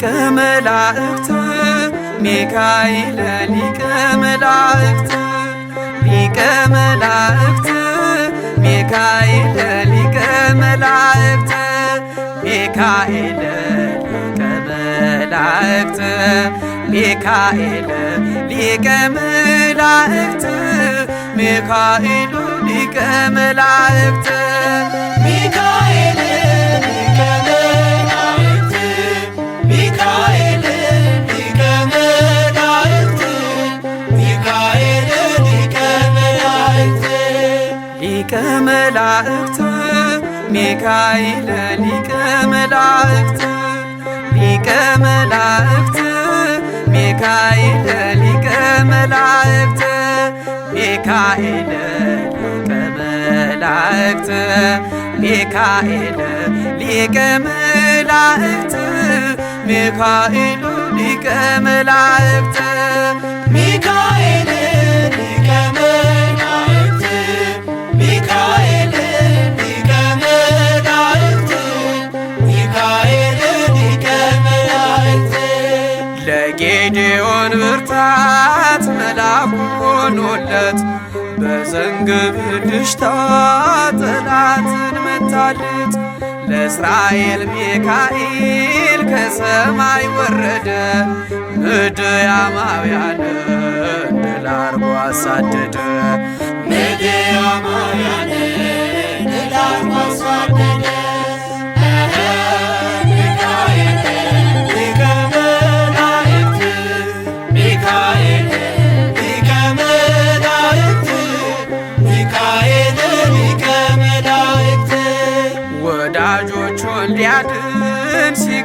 ሊቀ መላእክት ሚካኤል ሊቀ መላእክት ሊቀ መላእክት ሚካኤል ሊቀ መላእክት ሚካኤል ሊቀ መላእክት ሚካኤል ሊቀ መላእክት ሚካኤል ሊቀ መላእክት ሊቀ መላእክት ሚካኤል ሊቀ መላእክት ሊቀ መላእክት ሚካኤል ሊቀ መላእክት ሚካኤል ሊቀ መላእክት ሚካኤል ሊቀ መላእክት ሚካኤል ሊቀ መላእክት ሚካኤል ሆኖለት በዘንግብ ድሽታ ጠላትን መታለት። ለእስራኤል ሚካኤል ከሰማይ ወረደ፣ ምድያማውያን ድል አድርጎ አሳደደ።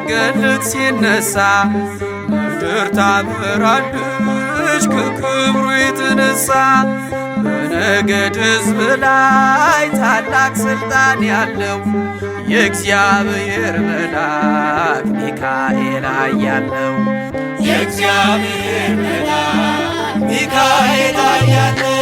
ሲሰገድለት ሲነሳ ምድር ታምራለች ከክብሩ የተነሳ በነገድ ሕዝብ ላይ ታላቅ ስልጣን ያለው የእግዚአብሔር መልአክ ሚካኤል አያለው የእግዚአብሔር መልአክ ሚካኤል አያለው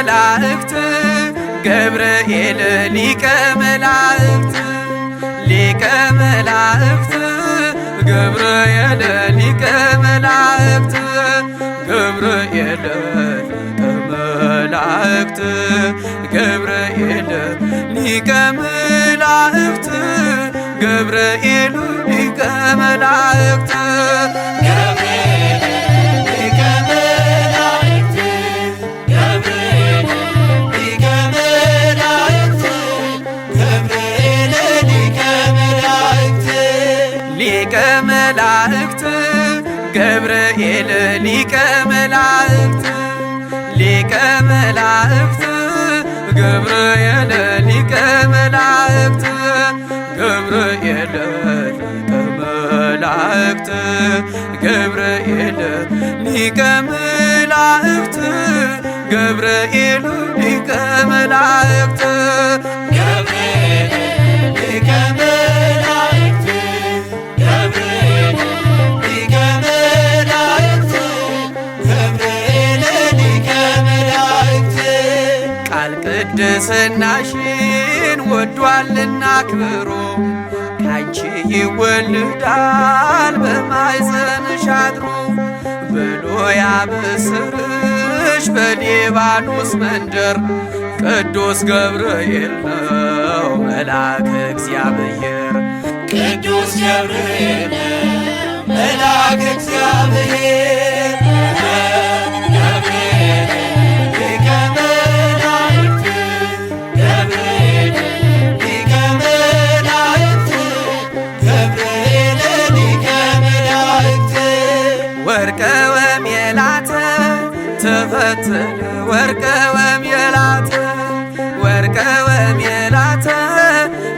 መላእክት ገብርኤል ሊቀ መላእክት ሊቀ መላእክት ገብርኤል ሊቀ መላእክት ገብርኤል ሊቀ መላእክት ገብርኤል ሊቀ መላእክት ገብርኤል ሊቀ መላእክት ሊቀ መላእክት ገብርኤል ሊቀ መላእክት ሊቀ መላእክት ገብርኤል ሊቀ መላእክት ገብርኤል ሊቀ መላእክት ገብርኤል ሊቀ መላእክት ገብርኤል ሊቀ መላእክት ይወልዳል በማይዘንሽ አድሮ ብሎ ያበስርሽ በሊባኖስ መንደር ቅዱስ ገብርኤል ነው መልአክ እግዚአብሔር ቅዱስ ገብርኤል ነው መልአክ እግዚአብሔር ተፈትል ወርቀወም የላተ ወርቀወም የላተ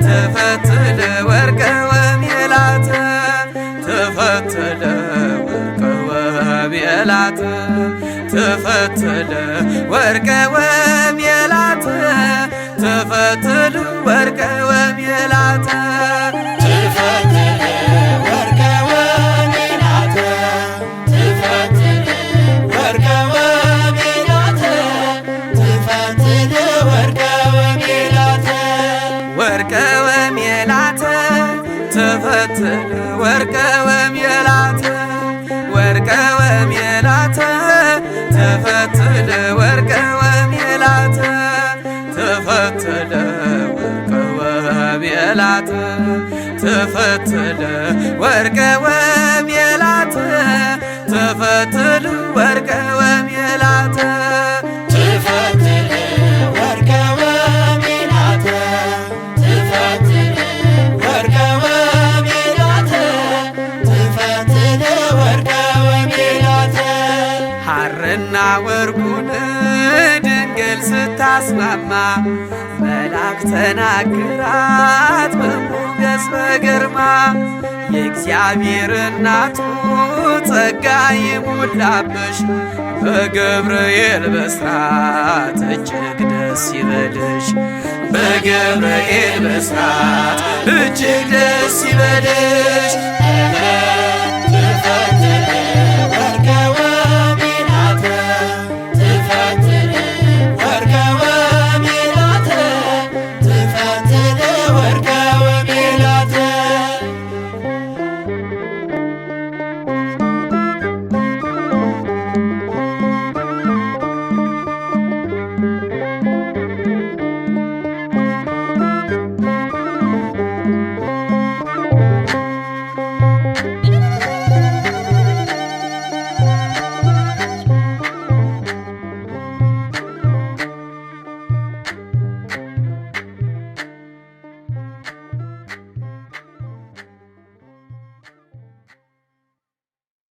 ተፈትል ወርቀወም የላተ ተፈትል ወርቀወም የላተ ተፈትል ወርቀወም የላተ ተፈትል ወርቀወም የላተ ወርቀ ወሜላተ ወርቀ ወሜላተ ተፈትለ ወርቀ ወሜላተ ተፈትለ ወርቀ ወሜላተ ተፈትለ ወርቀ ወሜላተ ተፈትለ ወርቀ ወሜላተ ስታስማማ መልአክ ተናገራት በሞገስ በግርማ የእግዚአብሔር እናቱ ጸጋ ይሙላብሽ በገብርኤል በስራት እጅግ ደስ ይበልሽ በገብርኤል በስራት እጅግ ደስ ይበልሽ